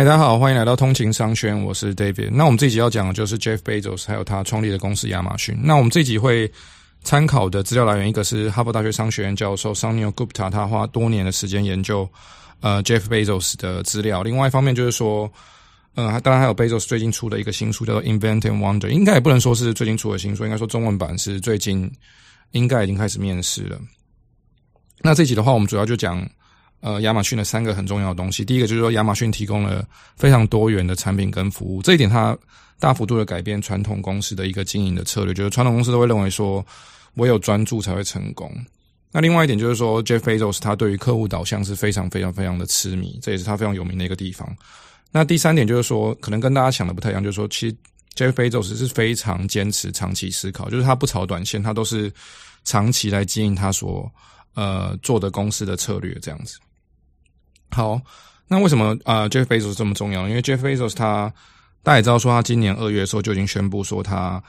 嗨，大家好，歡迎來到通勤商學院，我是 David。那我們這集要講的就是 Jeff Bezos 還有他創立的公司亞馬遜。那我們這集會參考的資料來源一個是哈佛大學商學院教授 Sunil Gupta，他花多年的時間研究呃 Jeff Bezos 的資料。另外一方面就是說，呃，當然還有 Bezos 最近出的一個新書叫做《Invent and Wander》，應該也不能說是最近出的新書，應該說中文版是最近應該已經開始面世了。那這集的話，我們主要就講。呃，亞馬遜的三個很重要的東西，第一個就是說，亞馬遜提供了非常多元的產品跟服務，這一點它大幅度的改變傳統公司的一個經營的策略。就是傳統公司都會認為說，唯有專注才會成功。那另外一點就是說，Jeff Bezos 他對於客戶導向是非常非常非常的痴迷，這也是他非常有名的一個地方。那第三點就是說，可能跟大家想的不太一樣，就是說，其實 Jeff Bezos 是非常堅持長期思考，就是他不炒短線，他都是長期來經營他所呃做的公司的策略這樣子。好，那為什麼啊、呃、Jeff Bezos 這麼重要？因為 Jeff Bezos 他大家也知道說，他今年二月的時候就已經宣布說，他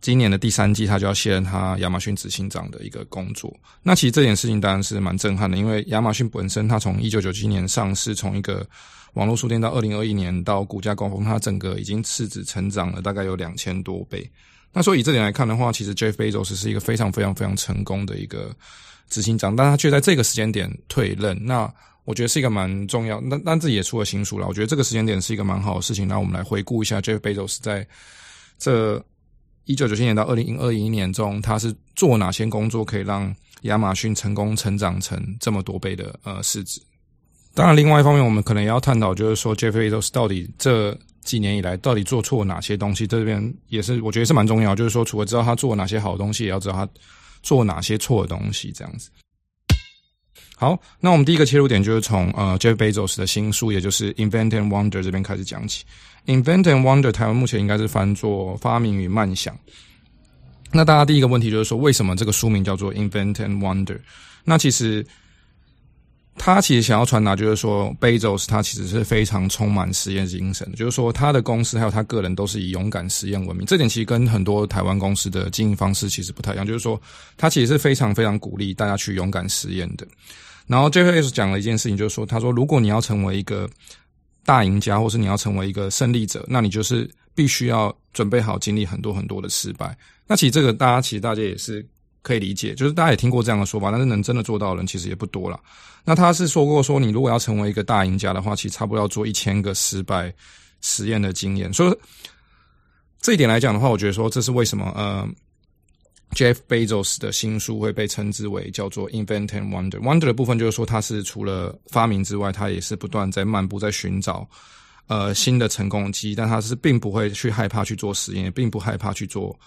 今年的第三季他就要卸任他亞馬遜執行長的一個工作。那其實這件事情當然是蠻震撼的，因為亞馬遜本身它從一九九七年上市，從一個網絡書店到二零二一年到股價高峰，它整個已經市值成長了大概有兩千多倍。那所以，以這點來看的話，其實 Jeff Bezos 是一個非常非常非常成功的一個。執行長，但他卻在這個時間點退任，那我覺得是一個蠻重要。那但自己也出了新書了，我覺得這個時間點是一個蠻好的事情。那我們來回顧一下 Jeff Bezos 在這一九九七年到二零二一年中，他是做哪些工作可以讓亞馬遜成功成長成這麼多倍的呃市值？對 當然，另外一方面，我們可能也要探討，就是說 Jeff Bezos 到底這幾年以來到底做錯哪些東西？這邊也是我覺得是蠻重要，就是說除了知道他做了哪些好東西，也要知道他。做哪些錯的東西，這樣子。好，那我們第一個切入點就是從呃，Jeff Bezos 的新書，也就是《Invent and Wander》這邊開始講起。《Invent and Wander》台灣目前應該是翻作《發明與漫想》。那大家第一個問題就是說，為什麼這個書名叫做《Invent and Wander》？那其實。他其實想要傳達就是說，貝佐斯他其實是非常充滿實驗精神的，就是說他的公司還有他個人都是以勇敢實驗聞名。這點其實跟很多台灣公司的經營方式其實不太一樣，就是說他其實是非常非常鼓勵大家去勇敢實驗的。然後最後一次講了一件事情，就是說他說如果你要成為一個大贏家，或是你要成為一個勝利者，那你就是必須要準備好經歷很多很多的失敗。那其實這個大家其實大家也是可以理解，就是大家也聽過這樣的說法，但是能真的做到的人其實也不多了。那他是說過，說你如果要成為一個大贏家的話，其實差不多要做一千個失敗實驗的經驗。所以這一點來講的話，我覺得說，這是為什麼呃，Jeff Bezos 的新書會被稱之為叫做 Invent and Wander。Wander 的部分就是說，他是除了發明之外，他也是不斷在漫步在、在尋找呃新的成功機，但他是並不會去害怕去做實驗，並不害怕去做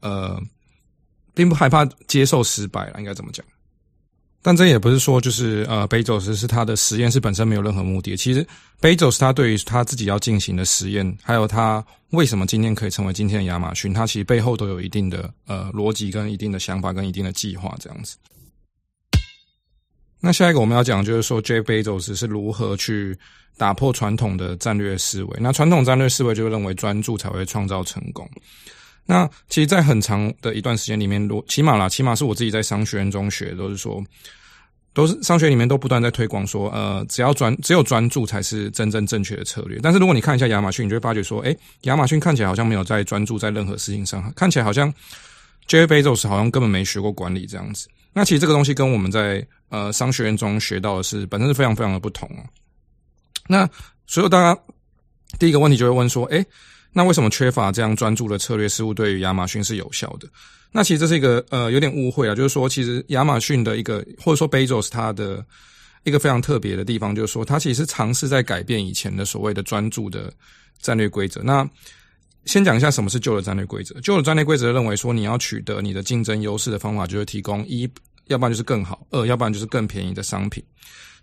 呃，並不害怕接受失敗了，應該怎麼講？但這也不是說就是呃，貝佐 s 是他的實驗是本身沒有任何目的。其實，貝佐 s 他對於他自己要進行的實驗，還有他為什麼今天可以成為今天的亞馬遜，他其實背後都有一定的呃邏輯跟一定的想法跟一定的計劃這樣子。那下一個我們要講的就是說，J. a y 貝佐 s 是如何去打破傳統的戰略思維？那傳統戰略思維就認為專注才會創造成功。那其實，在很長的一段時間裡面，如起碼啦，起碼是我自己在商學院中學的，都是說都是商學院裡面都不斷在推廣說，呃，只要專，只有專注才是真正正確的策略。但是，如果你看一下亞馬遜，你就會發覺說，哎，亞馬遜看起來好像沒有在專注在任何事情上，看起來好像 Jeff Bezos 好像根本沒學過管理這樣子。那其實這個東西跟我們在呃商學院中學到的是本身是非常非常的不同啊。那所以大家第一個問題就會問說，哎，那為什麼缺乏這樣專注的策略似乎對於亞馬遜是有效的？那其實這是一個呃有點誤會啊，就是說其實亞馬遜的一個或者說貝佐斯他的一個非常特別的地方，就是說他其實是嘗試在改變以前的所謂的專注的戰略規則。那先講一下什麼是舊的戰略規則。舊的戰略規則認為說你要取得你的競爭優勢的方法就是提供一，要不然就是更好；二，要不然就是更便宜的商品。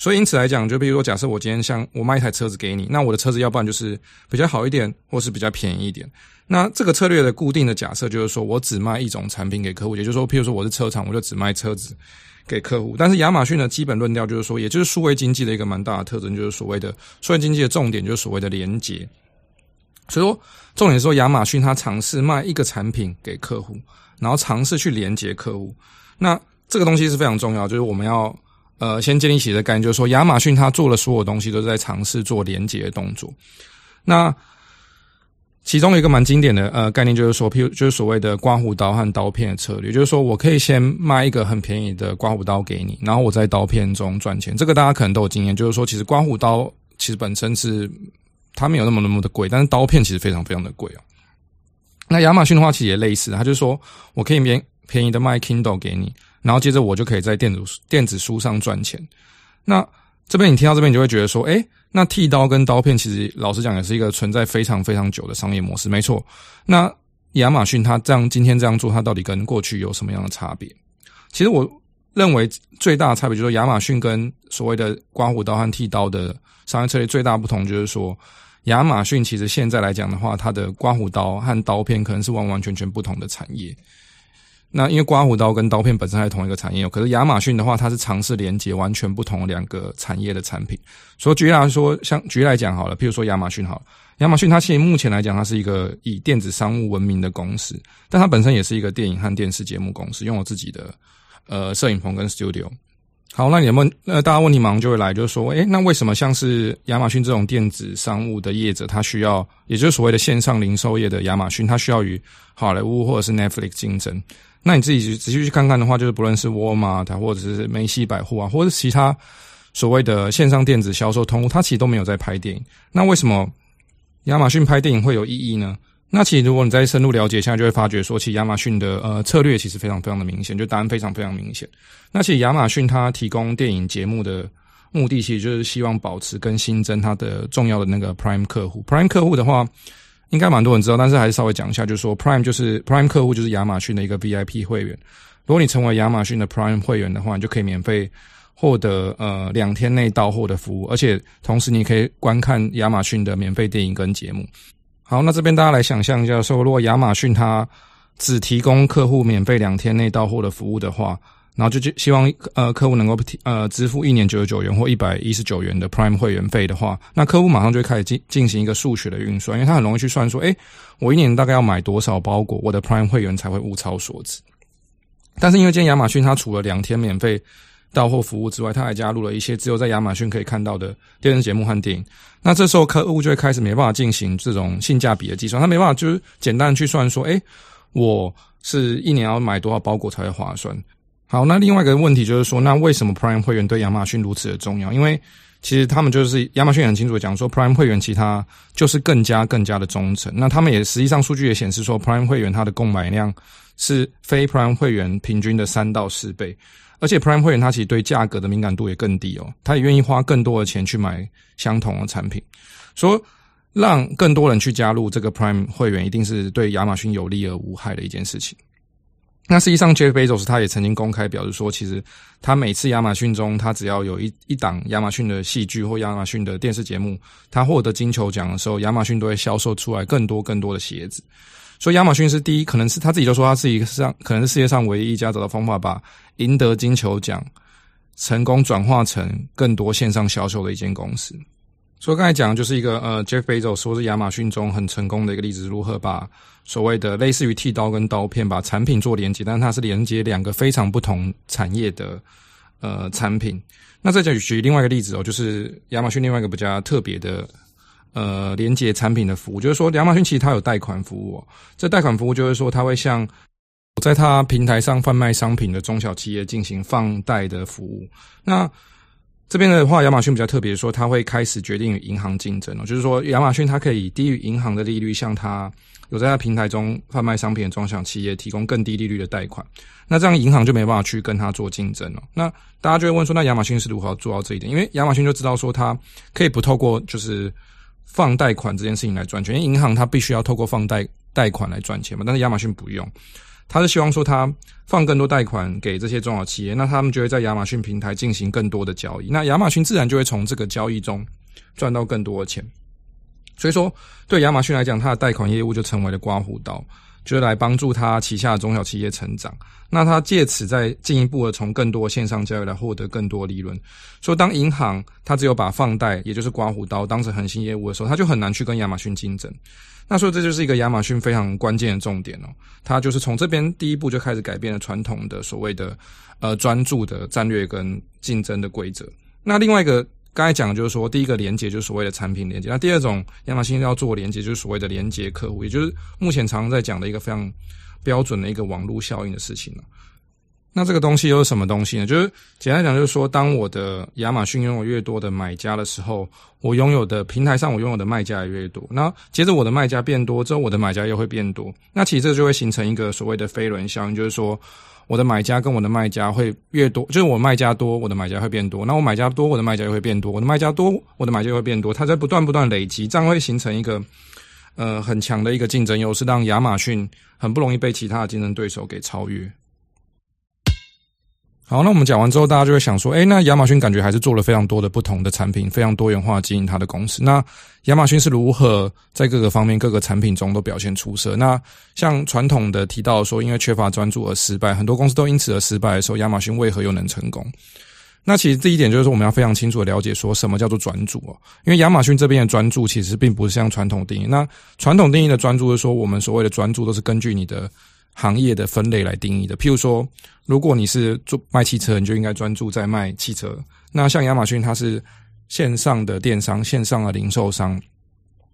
所以，因此來講，就比如說，假設我今天像我賣一台車子給你，那我的車子要不然就是比較好一點，或是比較便宜一點。那這個策略的固定的假設就是說，我只賣一種產品給客戶，也就是說，譬如說我是車廠，我就只賣車子給客戶。但是亞馬遜的基本論調就是說，也就是數位經濟的一個蠻大的特徵，就是所謂的數位經濟的重點就是所謂的連接。所以說，重點是說，亞馬遜它嘗試賣一個產品給客戶，然後嘗試去連接客戶。那這個東西是非常重要，就是我們要。呃，先建立起的概念，就是說亞馬遜它做的所有東西都是在嘗試做連接的動作。那其中有一個蠻經典的呃概念，就是說，譬如就是所謂的刮鬍刀和刀片的策略，就是說我可以先賣一個很便宜的刮鬍刀給你，然後我在刀片中賺錢。這個大家可能都有經驗，就是說，其實刮鬍刀其實本身是它沒有那麼那麼的貴，但是刀片其實非常非常的貴哦。那亞馬遜的話，其實也類似，他就是說我可以便便宜的賣 Kindle 給你。然後接着我就可以在電子電子書上賺錢。那這邊你聽到這邊，你就會覺得說，哎，那剃刀跟刀片其實老實講也是一個存在非常非常久的商業模式，沒錯。那亞馬遜它這樣今天這樣做，它到底跟過去有什麼樣的差別？其實我認為最大的差別，就是亞馬遜跟所謂的刮鬍刀和剃刀的商業策略最大不同，就是說亞馬遜其實現在來講的話，它的刮鬍刀和刀片可能是完完全全不同的產業。那因為刮鬍刀跟刀片本身還是同一個產業，可是亞馬遜的話，它是嘗試連結完全不同的兩個產業的產品。所以舉例來說，像舉例來講好了，譬如說亞馬遜好了，亞馬遜它現目前來講，它是一個以電子商務聞名的公司，但它本身也是一個電影和電視節目公司，擁有自己的呃攝影棚跟 studio。好，那你的問，呃，那大家問題馬上就會來，就是說，誒、欸，那為什麼像是亞馬遜這種電子商務的業者，他需要，也就是所謂的線上零售業的亞馬遜，他需要與好萊塢或者是 Netflix 競爭？那你自己仔細去看看的話，就是不論是 Walmart 或者是梅西百貨啊，或者是其他所謂的線上電子銷售通路，它其實都沒有在拍電影。那為什麼亞馬遜拍電影會有意義呢？那其實，如果你再深入了解一下，就會發覺說，其實亞馬遜的呃策略其實非常非常的明顯，就答案非常非常明顯。那其實亞馬遜它提供電影節目的目的，其實就是希望保持跟新增它的重要的那個 Prime 客戶。Prime 客戶的話，應該蠻多人知道，但是還是稍微講一下，就是說 Prime 就是 Prime 客戶就是亞馬遜的一個 VIP 會員。如果你成為亞馬遜的 Prime 會員的話，你就可以免費獲得呃兩天內到貨的服務，而且同時你可以觀看亞馬遜的免費電影跟節目。好，那這邊大家來想象一下，說如果亞馬遜它只提供客戶免費兩天內到貨的服務的話，然後就就希望呃客戶能夠提呃支付一年九十九元或一百一十九元的 Prime 會員費的話，那客戶馬上就會開始進進行一個數學的運算，因為他很容易去算說，哎、欸，我一年大概要買多少包裹，我的 Prime 會員才會物超所值。但是因為今天亞馬遜它除了兩天免費。到貨服務之外，他還加入了一些只有在亞馬遜可以看到的電視節目和電影。那這時候客戶就會開始沒辦法進行這種性價比的計算，他沒辦法就是簡單去算說，哎、欸，我是一年要買多少包裹才會划算？好，那另外一個問題就是說，那為什麼 Prime 會員對亞馬遜如此的重要？因為其實他們就是亞馬遜也很清楚地講說，Prime 會員其他就是更加更加的忠誠。那他們也實際上數據也顯示說，Prime 會員他的購買量是非 Prime 會員平均的三到四倍。而且 Prime 會員他其實對價格的敏感度也更低哦，他也願意花更多的錢去買相同的產品，說讓更多人去加入這個 Prime 會員，一定是對亞馬遜有利而無害的一件事情。那實際上，Jeff Bezos 他也曾經公開表示說，其實他每次亞馬遜中，他只要有一一檔亞馬遜的戲劇或亞馬遜的電視節目，他獲得金球獎的時候，亞馬遜都會銷售出來更多更多的鞋子。所以，亞馬遜是第一，可能是他自己就說，他是一個上，可能是世界上唯一一家找到方法把贏得金球獎成功轉化成更多線上銷售的一間公司。所以剛才講的就是一個呃，Jeff Bezos 說是亞馬遜中很成功的一個例子，如何把所謂的類似於剃刀跟刀片把產品做連接，但是它是連接兩個非常不同產業的呃產品。那再舉舉另外一個例子哦，就是亞馬遜另外一個比較特別的呃連接產品的服務，就是說亞馬遜其實它有貸款服務哦，這貸款服務就是說它會向在它平台上販賣商品的中小企業進行放貸的服務。那這邊的話，亞馬遜比較特別，說他會開始決定與銀行競爭了喔，就是說亞馬遜它可以低於銀行的利率，向它有在它平台中販賣商品的中小企業提供更低利率的貸款。那這樣銀行就沒辦法去跟它做競爭了喔。那大家就會問說，那亞馬遜是如何做到這一點？因為亞馬遜就知道說它可以不透過就是放貸款這件事情來賺錢，因為銀行它必須要透過放貸貸款來賺錢嘛，但是亞馬遜不用。他是希望說，他放更多貸款給這些中小企業，那他們就會在亞馬遜平台進行更多的交易，那亞馬遜自然就會從這個交易中賺到更多的錢，所以說，對亞馬遜來講，它的貸款業務就成為了刮鬍刀。就來幫助他旗下的中小企業成長，那他借此再進一步的從更多的線上交易來獲得更多利潤。所以當銀行它只有把放貸，也就是刮鬍刀當成核心業務的時候，他就很難去跟亞馬遜競爭。那所以這就是一個亞馬遜非常關鍵的重點哦，它就是從這邊第一步就開始改變了傳統的所謂的，呃，專注的戰略跟競爭的規則。那另外一個。剛才講的就是說，第一個連接就是所謂的產品連接，那第二種亞馬遜要做的連接，就是所謂的連接客戶，也就是目前常常在講的一個非常標準的一個網絡效應的事情了。那這個東西又是什麼東西呢？就是簡單講，就是說，當我的亞馬遜擁有越多的買家的時候，我擁有的平台上我擁有的賣家也越多。那接着我的賣家變多之後，我的買家又會變多。那其實這就會形成一個所謂的飛輪效應，就是說，我的買家跟我的賣家會越多，就是我賣家多，我的買家會變多，那我買家多，我的賣家又會變多，我的賣家多，我的買家又會變多。它，在不斷不斷累積，這樣會形成一個呃很強的一個競爭優勢，讓亞馬遜很不容易被其他的競爭對手給超越。好，那我們講完之後，大家就會想說，哎，那亞馬遜感覺還是做了非常多的不同的產品，非常多元化經營它的公司。那亞馬遜是如何在各個方面、各個產品中都表現出色？那像傳統的提到說，因為缺乏專注而失敗，很多公司都因此而失敗的時候，亞馬遜為何又能成功？那其實這一點就是我們要非常清楚地了解，說什麼叫做專注哦。因為亞馬遜這邊的專注其實並不是像傳統定義。那傳統定義的專注是說，我們所謂的專注都是根據你的。行業的分類來定義的。譬如說，如果你是做賣汽車，你就應該專注在賣汽車。那像亞馬遜，它是線上的電商，線上的零售商。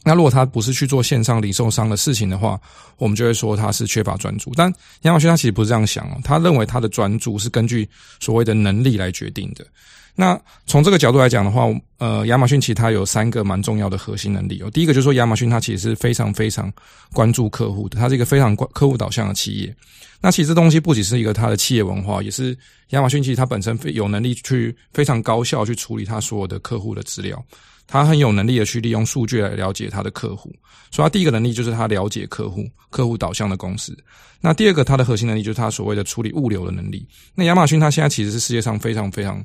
那如果他不是去做線上零售商的事情的話，我們就會說他是缺乏專注。但亞馬遜他其實不是這樣想哦，他認為他的專注是根據所謂的能力來決定的。那從這個角度來講的話，呃，亞馬遜其實他有三個蠻重要的核心能力哦。第一個就是說，亞馬遜它其實是非常非常關注客戶的，它是一個非常關客戶導向的企業。那其實這東西不僅是一個它的企業文化，也是亞馬遜其實它本身有能力去非常高效去處理它所有的客戶的資料。他很有能力的去利用數據來了解他的客戶，所以他第一個能力就是他了解客戶、客戶導向的公司。那第二個，他的核心能力就是他所謂的處理物流的能力。那亞馬遜它現在其實是世界上非常非常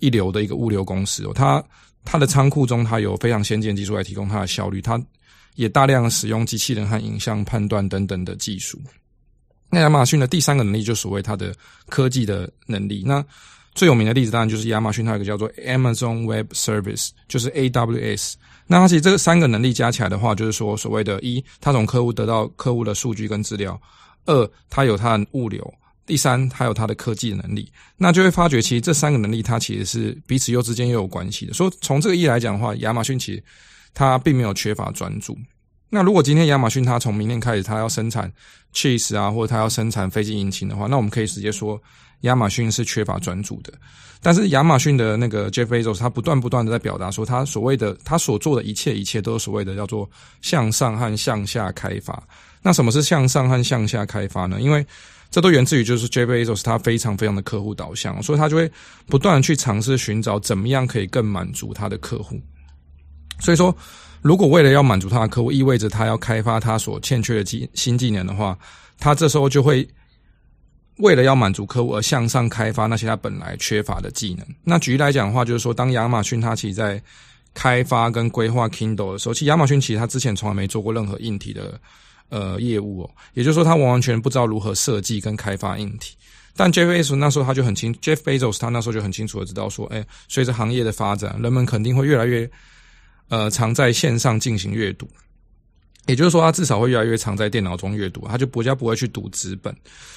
一流的一個物流公司哦，它它的倉庫中，它有非常先進技術來提供它的效率，它也大量使用機器人和影像判斷等等的技術。那亞馬遜的第三個能力就是所謂它的科技的能力。那最有名的例子當然就是亞馬遜，它有一個叫做 Amazon Web Service，就是 AWS。那其實這三個能力加起來的話，就是說所謂的：一，它從客戶得到客戶的數據跟資料；二，它有它的物流；第三，它有它的科技的能力。那就會發覺，其實這三個能力它其實是彼此又之間又有關係的。所以從這個意義來講的話，亞馬遜其實它並沒有缺乏專注。那如果今天亞馬遜它從明天開始它要生產 cheese 啊，或者它要生產飛機引擎的話，那我們可以直接說。亞馬遜是缺乏專注的，但是亞馬遜的那個 Jeff Bezos，他不斷不斷的在表達說，他所謂的他所做的一切一切，都是所謂的叫做向上和向下開發。那什麼是向上和向下開發呢？因為這都源自於就是 Jeff Bezos 他非常非常的客戶導向，所以他就會不斷去嘗試尋找怎麼樣可以更滿足他的客戶。所以說，如果為了要滿足他的客戶，意味着他要開發他所欠缺的技新技能的話，他這時候就會。為了要滿足客戶而向上開發那些他本來缺乏的技能。那舉例來講的話，就是說當亞馬遜它其實在開發跟規劃 Kindle 的時候，其實亞馬遜其實它之前從來沒做過任何硬體的呃業務哦，也就是說他完完全不知道如何設計跟開發硬體。但 Jeff Bezos 那時候他就很清 ，Jeff Bezos 他那時候就很清楚地知道說，哎，隨着行業的發展，人們肯定會越來越呃常在線上進行閱讀。也就是說，他至少會越來越常在電腦中閱讀，他就比較不會去讀紙本。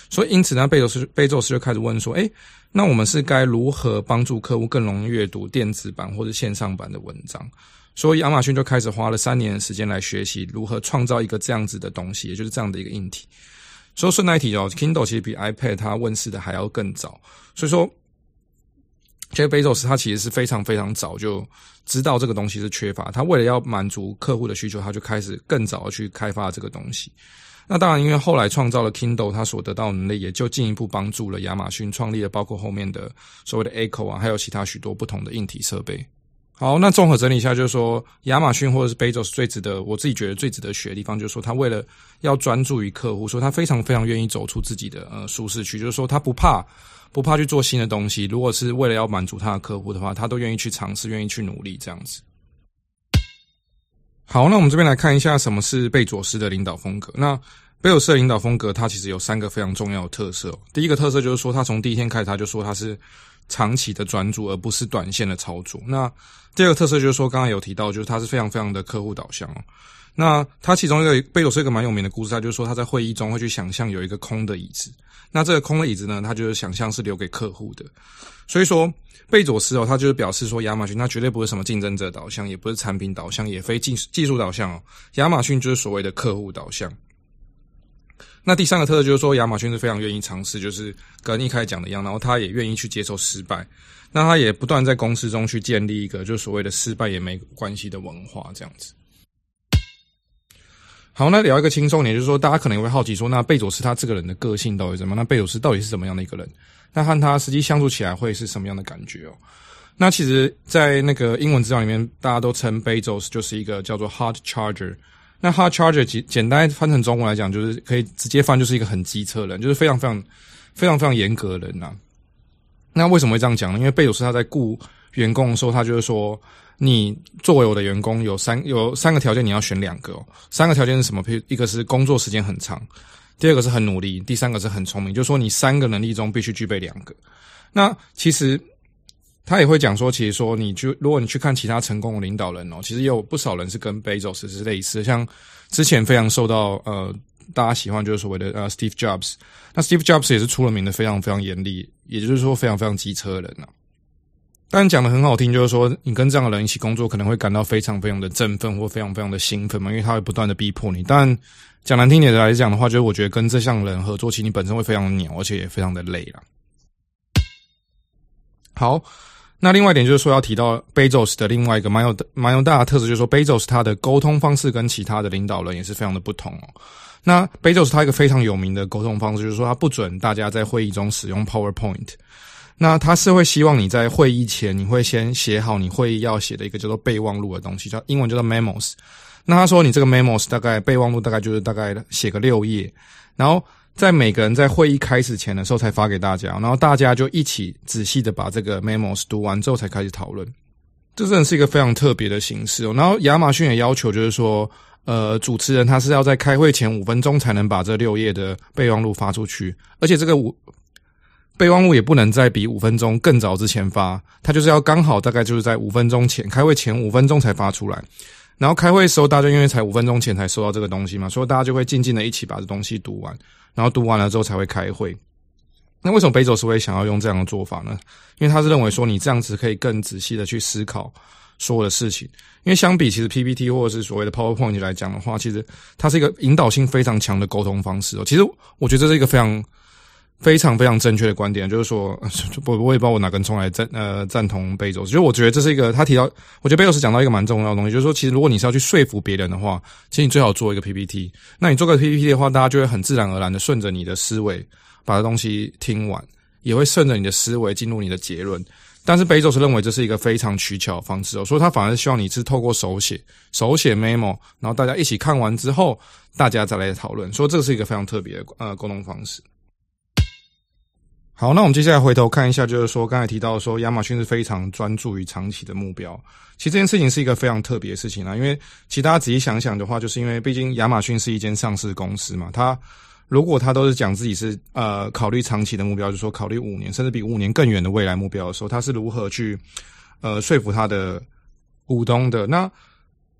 所以，因此呢，貝佐斯貝佐斯就開始問說：“誒、欸，那我們是該如何幫助客戶更容易閱讀電子版或者線上版的文章？”所以，亞馬遜就開始花了三年的時間來學習如何創造一個這樣子的東西，也就是這樣的一個硬體。所以，順帶一提哦，Kindle 其實比 iPad 它問世的還要更早。所以說。其實 Bezos，他其實是非常非常早就知道這個東西是缺乏，他為了要滿足客戶的需求，他就開始更早的去開發這個東西。那當然，因為後來創造了 Kindle，他所得到能力也就進一步幫助了亞馬遜創立了包括後面的所謂的 Echo 啊，還有其他許多不同的硬體設備。好，那綜合整理一下，就是說亞馬遜或者是 Bezos 最值得，我自己覺得最值得學的地方，就是說他為了要專注於客戶，說他非常非常願意走出自己的呃舒適區，就是說他不怕。不怕去做新的東西，如果是為了要滿足他的客戶的話，他都願意去嘗試，願意去努力這樣子。好，那我們這邊來看一下什麼是貝佐斯的領導風格。那貝佐斯的領導風格，它其實有三個非常重要的特色喔。第一個特色就是說，他從第一天開始他就說他是長期的專注，而不是短線的操作。那第二個特色就是說，剛才有提到，就是他是非常非常的客戶導向喔。那他其中一個貝佐斯一個蠻有名的故事，他就是說，他在會議中會去想象有一個空的椅子，那這個空的椅子呢，他就是想象是留給客戶的，所以說貝佐斯哦，他就是表示說亞馬遜他絕對不是什麼競爭者導向，也不是產品導向，也非技術技術導向哦，亞馬遜就是所謂的客戶導向。那第三個特色就是說亞馬遜是非常願意嘗試，就是跟一開始講的一樣，然後他也願意去接受失敗，那他也不斷在公司中去建立一個就是所謂的失敗也沒關係的文化這樣子。好，那聊一個輕鬆點，就是說大家可能也會好奇說，那貝佐斯他這個人的個性到底怎麼？那貝佐斯到底是怎麼樣的一個人？那和他實際相處起來會是什麼樣的感覺哦？那其實，在那個英文資料裡面，大家都稱貝佐斯就是一個叫做 “hard charger”。那 “hard charger” 簡簡單翻成中文來講，就是可以直接翻就是一個很機車人，就是非常非常非常非常嚴格的人吶、啊。那為什麼會這樣講呢？因為貝佐斯他在雇員工的時候，他就是說。你作為我的員工，有三有三個條件你要選兩個哦。三個條件是什麼？譬如一個是工作時間很長，第二個是很努力，第三個是很聰明。就是說你三個能力中必須具備兩個。那其實他也會講說，其實說你就如果你去看其他成功的領導人哦，其實也有不少人是跟貝佐斯是類似的，像之前非常受到呃大家喜歡就是所謂的呃 Steve Jobs，那 Steve Jobs 也是出了名的非常非常嚴厲，也就是說非常非常機車人啊、哦。但講得很好聽，就是說你跟這樣的人一起工作，可能會感到非常非常的振奮或非常非常的興奮嘛，因為他會不斷的逼迫你。但講難聽點來講的話，就是我覺得跟這項人合作，其實你本身會非常的鳥，而且也非常的累了。好，那另外一點就是說要提到 Bezos 的另外一個蠻有蠻有大的特質，就是說 Bezos 他的溝通方式跟其他的領導人也是非常的不同哦。那 Bezos 他一個非常有名的溝通方式，就是說他不准大家在會議中使用 PowerPoint。那他是會希望你在會議前，你會先寫好你會議要寫的一個叫做備忘錄的東西，叫英文叫做 memos。那他說你這個 memos 大概備忘錄大概就是大概寫個六頁，然後在每個人在會議開始前的時候才發給大家，然後大家就一起仔細的把這個 memos 讀完之後才開始討論。這真的是一個非常特別的形式哦。然後亞馬遜也要求就是說，呃，主持人他是要在開會前五分鐘才能把這六頁的備忘錄發出去，而且這個五，備忘錄也不能在比五分鐘更早之前發，它就是要剛好大概就是在五分鐘前開會前五分鐘才發出來，然後開會的時候大家因為才五分鐘前才收到這個東西嘛，所以大家就會靜靜的一起把這東西讀完，然後讀完了之後才會開會。那為什麼 Bezos 會想要用這樣的做法呢？因為他是認為說你這樣子可以更仔細的去思考所有的事情，因為相比其實 PPT 或者是所謂的 PowerPoint 來講的話，其實它是一個引導性非常強的溝通方式哦、喔。其實我覺得這是一個非常。非常非常正確的觀點，就是說，我我也不知道我哪根蔥來贊呃贊同貝佐斯，就我覺得這是一個他提到，我覺得貝佐斯講到一個蠻重要的東西，就是說，其實如果你是要去說服別人的話，其實你最好做一個 PPT。那你做個 PPT 的話，大家就會很自然而然的順着你的思維把這東西聽完，也會順着你的思維進入你的結論。但是貝佐斯認為這是一個非常取巧的方式哦，所以他反而希望你是透過手寫手寫 memo，然後大家一起看完之後，大家再來討論。所以這個是一個非常特別的呃溝通方式。好，那我們接下來回頭看一下，就是說剛才提到的說亞馬遜是非常專注於長期的目標。其實這件事情是一個非常特別的事情啊，因為其實大家仔細想想的話，就是因為畢竟亞馬遜是一間上市公司嘛，它如果它都是講自己是呃考慮長期的目標，就是說考慮五年甚至比五年更遠的未來目標的時候，它是如何去呃說服它的股東的？那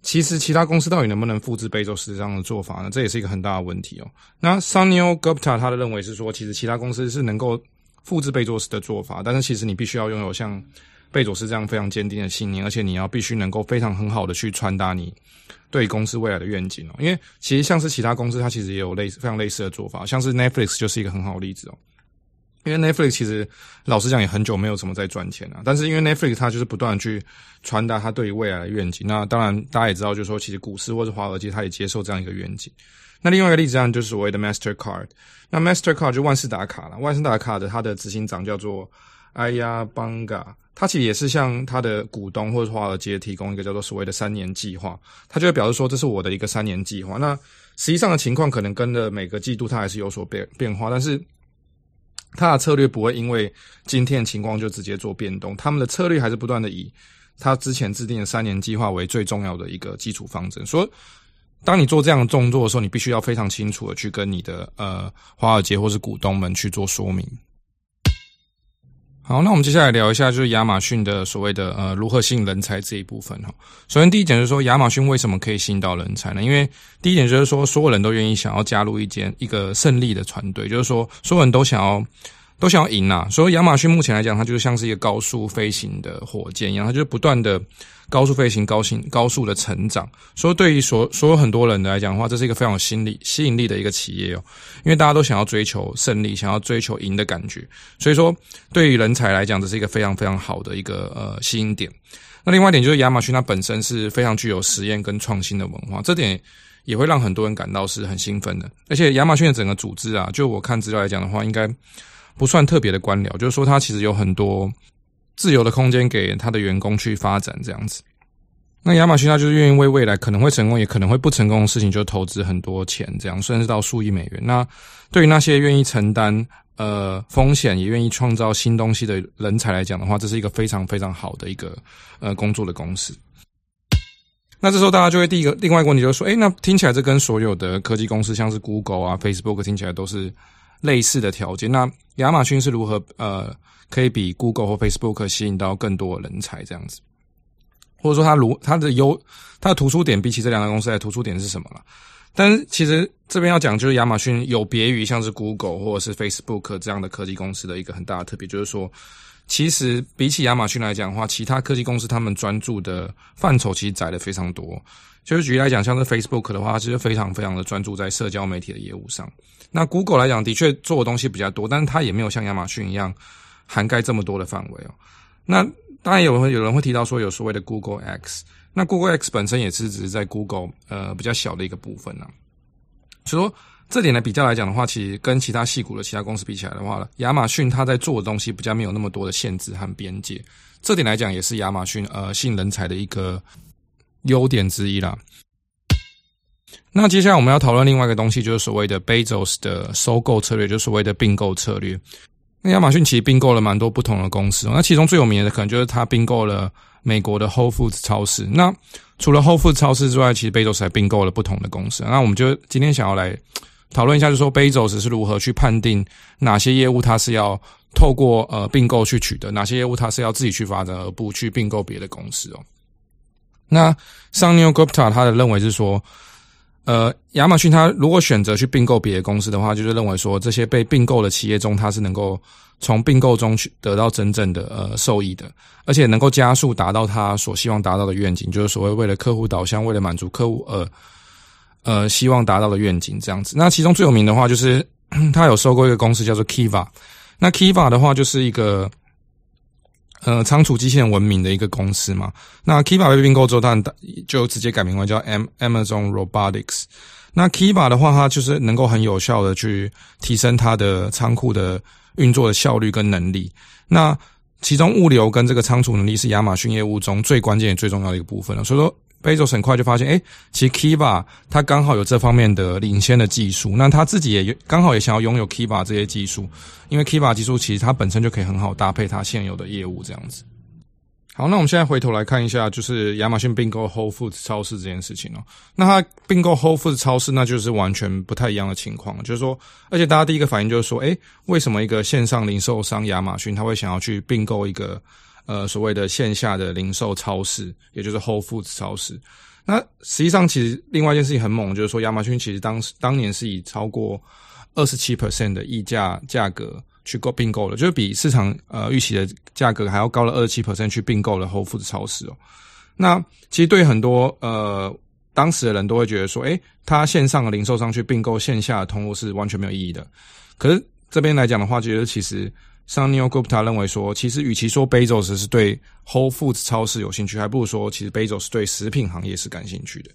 其實其他公司到底能不能複製貝佐斯這樣的做法呢？這也是一個很大的問題哦。那 Sunil Gupta 他的認為是說，其實其他公司是能夠。複製貝佐斯的做法，但是其實你必須要擁有像貝佐斯這樣非常堅定的信念，而且你要必須能夠非常很好的去傳達你對於公司未來的願景哦。因為其實像是其他公司，它其實也有類非常類似的做法，像是 Netflix 就是一個很好的例子哦。因為 Netflix 其實老實講也很久沒有什麼在賺錢了啊，但是因為 Netflix 它就是不斷的去傳達它對於未來的願景。那當然大家也知道，就是說其實股市或者華爾街，它也接受這樣一個願景。那另外一個例子啊，就是所謂的 Mastercard。那 Mastercard 就萬事達卡了。萬事達卡的，它的執行長叫做 Ajay Banga。他其實也是向他的股東或者華爾街提供一個叫做所謂的三年計劃。他就會表示說，這是我的一個三年計劃。那實際上的情況可能跟着每個季度，它還是有所變變化。但是他的策略不會因為今天的情況就直接做變動。他們的策略還是不斷的以他之前制定的三年計劃為最重要的一個基礎方針。說。當你做這樣的動作的時候，你必須要非常清楚的去跟你的呃華爾街或是股東們去做說明。好，那我們接下來聊一下，就是亞馬遜的所謂的呃如何吸引人才這一部分哈。首先，第一點就是說，亞馬遜為什麼可以吸引到人才呢？因為第一點就是說，所有人都願意想要加入一間一個勝利的團隊，就是說，所有人都想要。都想要贏啊。所以亞馬遜目前來講，它就是像是一個高速飛行的火箭一樣，它就是不斷的高速飛行、高速、高速的成長。所以對於所所有很多人的來講的話，這是一個非常有吸引力、吸引力的一個企業哦，因為大家都想要追求勝利，想要追求贏的感覺。所以說，對於人才來講，這是一個非常非常好的一個呃吸引點。那另外一點就是亞馬遜它本身是非常具有實驗跟創新的文化，這點也會讓很多人感到是很興奮的。而且亞馬遜的整個組織啊，就我看資料來講的話，應該。不算特別的官僚，就是說他其實有很多自由的空間給他的員工去發展這樣子。那亞馬遜他就是願意為未來可能會成功也可能會不成功的事情就投資很多錢這樣，甚至到數億美元。那對於那些願意承擔呃風險也願意創造新東西的人才來講的話，這是一個非常非常好的一個呃工作的公司。那這時候大家就會第一個另外一個問題就是說，誒、欸，那聽起來這跟所有的科技公司像是 Google 啊、Facebook 聽起來都是。類似的條件，那亞馬遜是如何呃，可以比 Google 或 Facebook 吸引到更多人才這樣子？或者說它如它的優它的突出點比起這兩個公司來，突出點是什麼了？但是其實這邊要講，就是亞馬遜有別於像是 Google 或者是 Facebook 這樣的科技公司的一個很大的特別，就是說，其實比起亞馬遜來講的話，其他科技公司他們專注的範疇其實窄了非常多。就是舉例來講，像是 Facebook 的話，其實非常非常的專注在社交媒體的業務上。那 Google 來講，的確做的東西比較多，但是它也沒有像亞馬遜一樣涵蓋這麼多的範圍哦。那當然有有人會提到說，有所謂的 Google X。那 Google X 本身也是只是在 Google 呃比較小的一個部分呢、啊。所以說這點來比較來講的話，其實跟其他矽谷的其他公司比起來的話，亞馬遜它在做的東西比較沒有那麼多的限制和邊界。這點來講，也是亞馬遜呃吸引人才的一個。優點之一啦。那接下來我們要討論另外一個東西，就是所謂的 Bezos 的收購策略，就是所謂的併購策略。那亞馬遜其實併購了蠻多不同的公司哦，那其中最有名的可能就是它併購了美國的 Whole Foods 超市。那除了 Whole Foods 超市之外，其實 Bezos 還併購了不同的公司。那我們就今天想要來討論一下，就是說 Bezos 是如何去判定哪些業務它是要透過呃併購去取得，哪些業務它是要自己去發展而不去併購別的公司哦。那 Sunil Gupta 他的認為是說，呃，亞馬遜它如果選擇去併購別的公司的話，就是認為說，這些被併購的企業中，它是能夠從併購中去得到真正的呃受益的，而且能夠加速達到它所希望達到的願景，就是所謂為了客戶導向，為了滿足客戶呃呃希望達到的願景這樣子。那其中最有名的話就是他有收購一個公司叫做 Kiva，那 Kiva 的話就是一個。呃，倉儲機器人聞名的一個公司嘛，那 Kiva 被併購之後，但就直接改名為叫 M Am Amazon Robotics。那 Kiva 的話，它就是能夠很有效的去提升它的倉庫的運作的效率跟能力。那其中物流跟這個倉儲能力是亞馬遜業務中最關鍵、最重要的一個部分了。所以說。貝佐斯很快就發現，哎、欸，其實 Kiva 它剛好有這方面的領先的技術，那他自己也剛好也想要擁有 Kiva 這些技術，因為 Kiva 技術其實它本身就可以很好搭配它現有的業務這樣子。好，那我們現在回頭來看一下，就是亞馬遜併購 Whole Foods 超市這件事情哦。那它併購 Whole Foods 超市，那就是完全不太一樣的情況，就是說，而且大家第一個反應就是說，哎、欸，為什麼一個線上零售商亞馬遜，他會想要去併購一個？呃，所謂的線下的零售超市，也就是 Whole Foods 超市。那實際上，其實另外一件事情很猛，就是說，亞馬遜其實當時當年是以超過二十七 percent 的溢價價格去購併購的，就是比市場呃預期的價格還要高了二十七 percent 去併購了 Whole Foods 超市哦。那其實對很多呃當時的人都會覺得說，誒，他線上的零售商去併購線下的通路是完全沒有意義的。可是這邊來講的話，就是其實。Sunil Gupta 認為說，其實與其說 Bezos 是對 Whole Foods 超市有興趣，還不如說其實 Bezos 是對食品行業是感興趣的。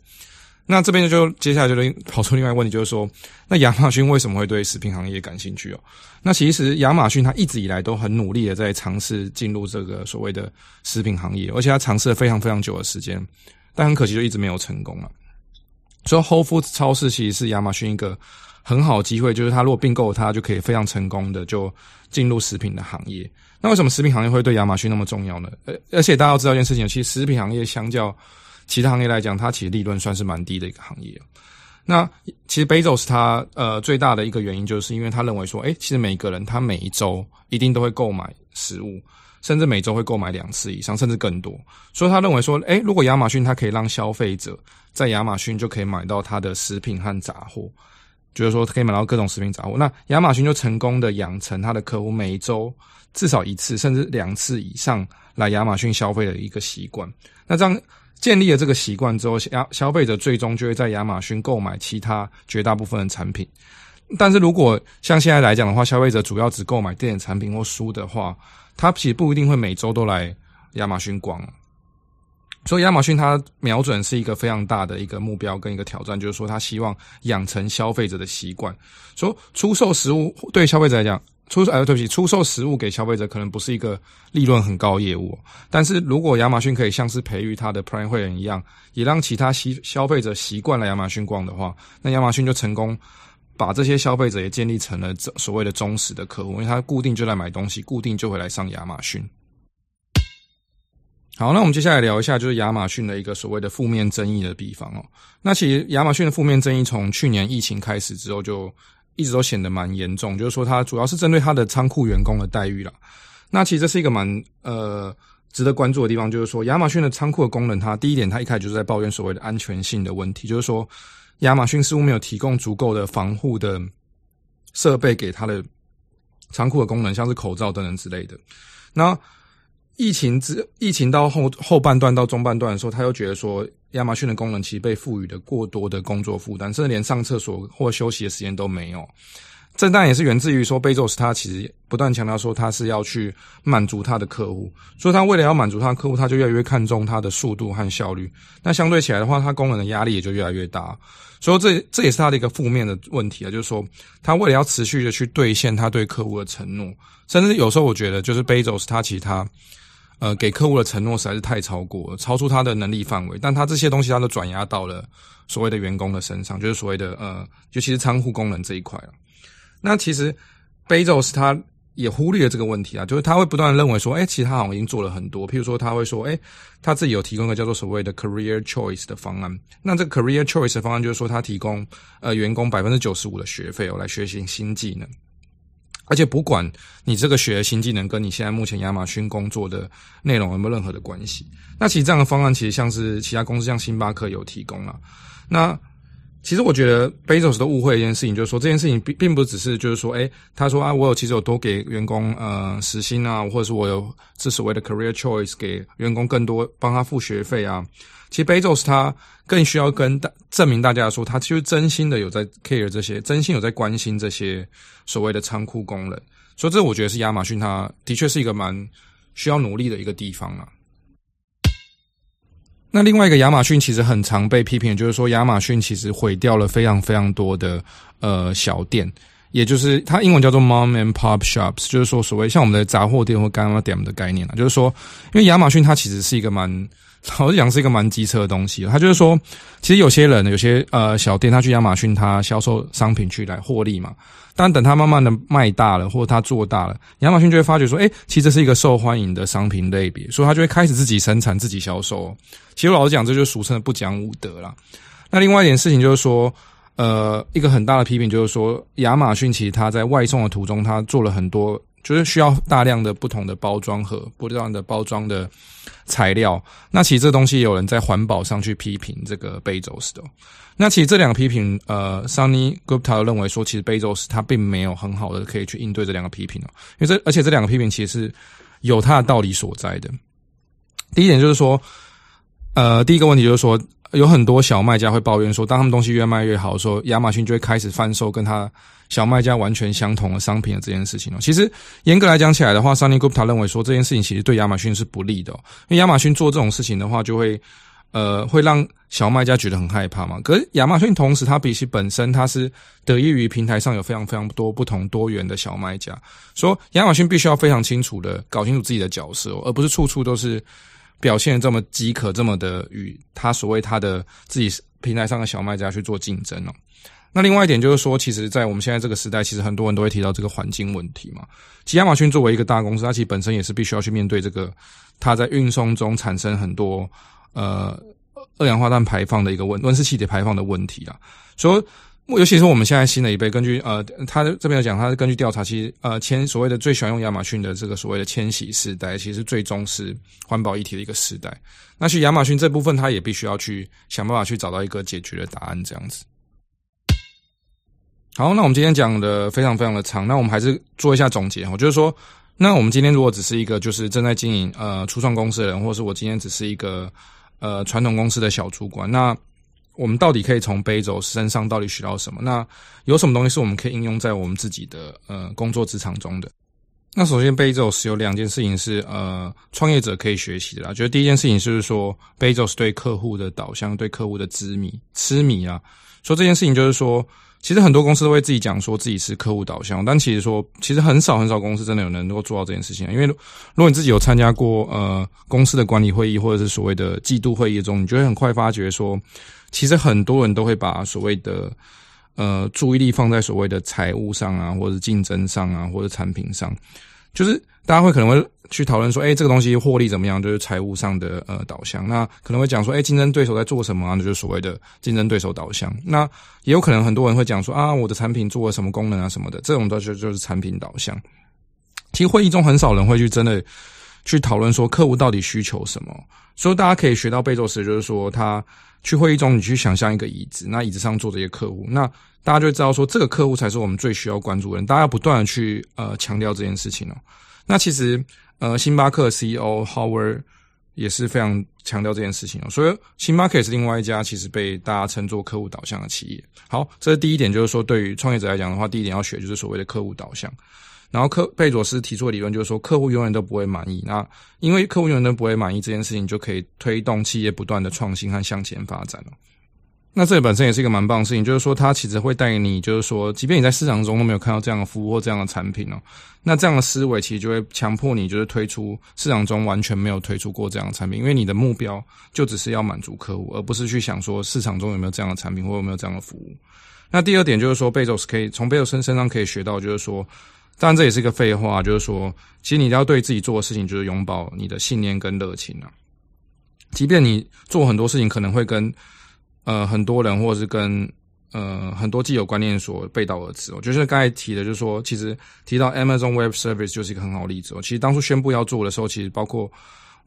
那這邊就接下來就跑出另外一個問題，就是說，那亞馬遜為什麼會對食品行業感興趣哦？那其實亞馬遜它一直以來都很努力的在嘗試進入這個所謂的食品行業，而且它嘗試了非常非常久的時間，但很可惜就一直沒有成功了。所以 Whole Foods 超市其實是亞馬遜一個。很好機會，就是他如果併購，他就可以非常成功的就進入食品的行業。那為什麼食品行業會對亞馬遜那麼重要呢？而而且大家要知道一件事情，其實食品行業相較其他行業來講，它其實利潤算是蠻低的一個行業。那其實 Bezos 他呃最大的一個原因，就是因為他認為說，哎、欸，其實每個人他每一周一定都會購買食物，甚至每周會購買兩次以上，甚至更多。所以他認為說，哎、欸，如果亞馬遜他可以讓消費者在亞馬遜就可以買到他的食品和雜貨。就是說，可以買到各種食品雜貨。那亞馬遜就成功的養成他的客戶每周至少一次，甚至兩次以上來亞馬遜消費的一個習慣。那這樣建立了這個習慣之後，消消費者最終就會在亞馬遜購買其他絕大部分的產品。但是如果像現在來講的話，消費者主要只購買電子產品或書的話，他其實不一定會每周都來亞馬遜逛。所以亞馬遜它瞄準是一個非常大的一個目標跟一個挑戰，就是說它希望養成消費者的習慣。所以出售食物對消費者來講，出售、哎、對不起，出售食物給消費者可能不是一個利潤很高業務、哦。但是如果亞馬遜可以像是培育它的 Prime 會員一樣，也讓其他消費者習慣了亞馬遜逛的話，那亞馬遜就成功把這些消費者也建立成了所謂的忠實的客戶，因為他固定就來買東西，固定就會來上亞馬遜。好，那我們接下來聊一下，就是亞馬遜的一個所謂的負面爭議的地方哦。那其實亞馬遜的負面爭議，從去年疫情開始之後，就一直都顯得蠻嚴重，就是說它主要是針對它的倉庫員工的待遇啦。那其實這是一個蠻呃值得關注的地方，就是說亞馬遜的倉庫工人。它第一點，它一開始就是在抱怨所謂的安全性的問題，就是說亞馬遜似乎沒有提供足夠的防護的設備給它的倉庫的工人，像是口罩等等之類的。那疫情之疫情到後後半段到中半段的時候，他又覺得說，亞馬遜的功能其實被賦予了過多的工作負擔，甚至連上廁所或休息的時間都沒有。這當然也是源自於說，貝佐 s 他其實不斷強調說，他是要去滿足他的客戶，所以他為了要滿足他的客戶，他就越來越看重他的速度和效率。那相對起來的話，他功能的壓力也就越來越大。所以這這也是他的一個負面的問題啊，就是說，他為了要持續的去兌現他對客戶的承諾，甚至有時候我覺得，就是貝佐 s 他其實他。呃，給客戶的承諾實在是太超過了，超出他的能力範圍。但他這些東西，他都轉壓到了所謂的員工的身上，就是所謂的呃，尤其是倉庫工人這一塊。那其實，Bezos 他也忽略了這個問題啊，就是他會不斷的認為說，哎、欸，其實他好像已經做了很多。譬如說，他會說，哎、欸，他自己有提供一個叫做所謂的 Career Choice 的方案。那這個 Career Choice 的方案就是說，他提供呃員工百分之九十五的學費哦、喔，來學習新技能。而且不管你這個學的新技能跟你現在目前亞馬遜工作的內容有沒有任何的關係，那其實這樣的方案其實像是其他公司，像星巴克有提供啦。那其實我覺得貝佐斯都誤會一件事情，就是說這件事情並並不只是就是說，誒，他說啊，我有其實有多給員工呃時薪啊，或者是我有這所謂的 career choice 給員工更多幫他付學費啊。其實 Bezos 它更需要跟大證明大家說，它其實真心的有在 care 這些，真心有在關心這些所謂的倉庫工人。所以這我覺得是亞馬遜它的確是一個蠻需要努力的一個地方了、啊。那另外一個亞馬遜其實很常被批評，就是說亞馬遜其實毀掉了非常非常多的呃小店，也就是它英文叫做 Mom and Pop Shops，就是說所謂像我們的雜貨店或乾媽店的概念了、啊。就是說，因為亞馬遜它其實是一個蠻。老實講，是一個蠻機車的東西的。他就是說，其實有些人，有些呃小店，他去亞馬遜，他銷售商品去來獲利嘛。但等他慢慢的賣大了，或者他做大了，亞馬遜就會發覺說，哎、欸，其實這是一個受歡迎的商品類別，所以他就會開始自己生產、自己銷售。其實我老實講，這就俗稱的不講武德啦。那另外一點事情就是說，呃，一個很大的批評就是說，亞馬遜其實它在外送的途中，它做了很多，就是需要大量的不同的包裝盒、不一樣的包裝的。材料，那其實這東西有人在環保上去批評這個 Bezos 的哦，那其實這兩個批評，呃，Sunil Gupta 認為說，其實 Bezos 他並沒有很好的可以去應對這兩個批評哦，因為這而且這兩個批評其實是有它的道理所在的。第一點就是說，呃，第一個問題就是說。有很多小賣家會抱怨說，當他們東西越賣越好的時候，亞馬遜就會開始販售跟他小賣家完全相同的商品的這件事情哦。其實嚴格來講起來的話，Sunil Gupta 認為說這件事情其實對亞馬遜是不利的，因為亞馬遜做這種事情的話，就會呃會讓小賣家覺得很害怕嘛。可是亞馬遜同時，它比起本身它是得益於平台上有非常非常多不同多元的小賣家，所以亞馬遜必須要非常清楚的搞清楚自己的角色，而不是處處都是。表現這麼飢渴，這麼的與他所謂他的自己平台上的小賣家去做競爭、啊、那另外一點就是說，其實，在我們現在這個時代，其實很多人都會提到這個環境問題嘛。其實，亞馬遜作為一個大公司，它其實本身也是必須要去面對這個它在運送中產生很多呃二氧化碳排放的一個問溫室氣體排放的問題啊，所以。尤其是我們現在新的一輩，根據呃，他這邊有講，他是根據調查，其實呃，千所謂的最喜歡用亞馬遜的這個所謂的千禧世代，其實最重視環保議題的一個世代。那去亞馬遜這部分，他也必須要去想辦法去找到一個解決的答案，這樣子。好，那我們今天講的非常非常的長，那我們還是做一下總結。我就是說，那我們今天如果只是一個就是正在經營呃初創公司的人，或者是我今天只是一個呃傳統公司的小主管，那。我們到底可以從貝佐斯身上到底學到什麼？那有什麼東西是我們可以應用在我們自己的呃工作職場中的？那首先，貝佐斯有兩件事情是呃創業者可以學習的啦。覺得第一件事情就是說，貝佐斯對客戶的導向、對客戶的痴迷、痴迷啊。說這件事情就是說。其實很多公司都會自己講說自己是客戶導向，但其實說，其實很少很少公司真的有能夠做到這件事情。因為如果你自己有參加過呃公司的管理會議或者是所謂的季度會議中，你就會很快發覺說，其實很多人都會把所謂的呃注意力放在所謂的財務上啊，或者是競爭上啊，或者產品上，就是。大家會可能會去討論說，誒、欸，這個東西獲利怎麼樣？就是財務上的呃導向。那可能會講說，誒、欸，競爭對手在做什麼啊？那就是所謂的競爭對手導向。那也有可能很多人會講說，啊，我的產品做了什麼功能啊什麼的。這種東西，就是產品導向。其實會議中很少人會去真的去討論說，客戶到底需求什麼。所以大家可以學到貝佐斯就是說，他去會議中，你去想象一個椅子，那椅子上坐着一個客戶，那大家就知道說這個客戶才是我們最需要關注的人。大家要不斷的去呃強調這件事情哦。那其實，呃，星巴克 CEO Howard 也是非常強調這件事情哦。所以，星巴克也是另外一家其實被大家稱作客戶導向的企業。好，這是第一點，就是說對於創業者來講的話，第一點要學就是所謂的客戶導向。然後，科貝佐斯提出的理論就是說，客戶永遠都不會滿意。那因為客戶永遠都不會滿意這件事情，就可以推動企業不斷的創新和向前發展了。那這本身也是一個蠻棒的事情，就是說它其實會帶給你，就是說，即便你在市場中都沒有看到這樣的服務或這樣的產品哦，那這樣的思維其實就會強迫你，就是推出市場中完全沒有推出過這樣的產品，因為你的目標就只是要滿足客戶，而不是去想說市場中有沒有這樣的產品或有沒有這樣的服務。那第二點就是說，貝佐斯可以從貝佐斯身上可以學到，就是說，當然這也是一個廢話，就是說，其實你要對自己做的事情就是擁抱你的信念跟熱情啊，即便你做很多事情可能會跟。呃，很多人或者是跟呃很多既有觀念所背道而馳，哦。我覺得剛才提的，就是說，其實提到 Amazon Web Service 就是一個很好的例子，哦。其實當初宣布要做的時候，其實包括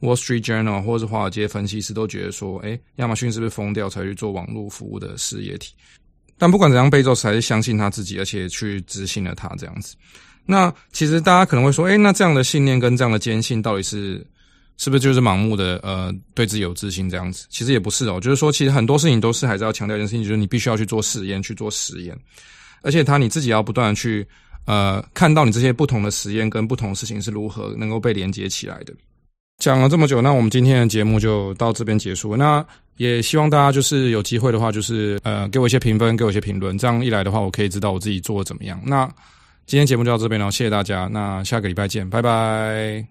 Wall Street Journal 或者是華爾街分析師都覺得說，哎、欸，亞馬遜是不是瘋掉才去做網絡服務的事業體？但不管怎樣，貝佐斯還是相信他自己，而且去執行了他這樣子。那其實大家可能會說，哎、欸，那這樣的信念跟這樣的堅信到底是？是不是就是盲目的呃對自己有自信這樣子？其實也不是哦。就是說，其實很多事情都是還是要強調一件事情，就是你必須要去做實驗，去做實驗，而且他你自己要不斷的去呃看到你這些不同的實驗跟不同的事情是如何能夠被連接起來的。講了這麼久，那我們今天的節目就到這邊結束。那也希望大家就是有機會的話，就是呃給我一些評分，給我一些評論，這樣一來的話，我可以知道我自己做的怎麼樣。那今天節目就到這邊，然後謝謝大家，那下個禮拜見，拜拜。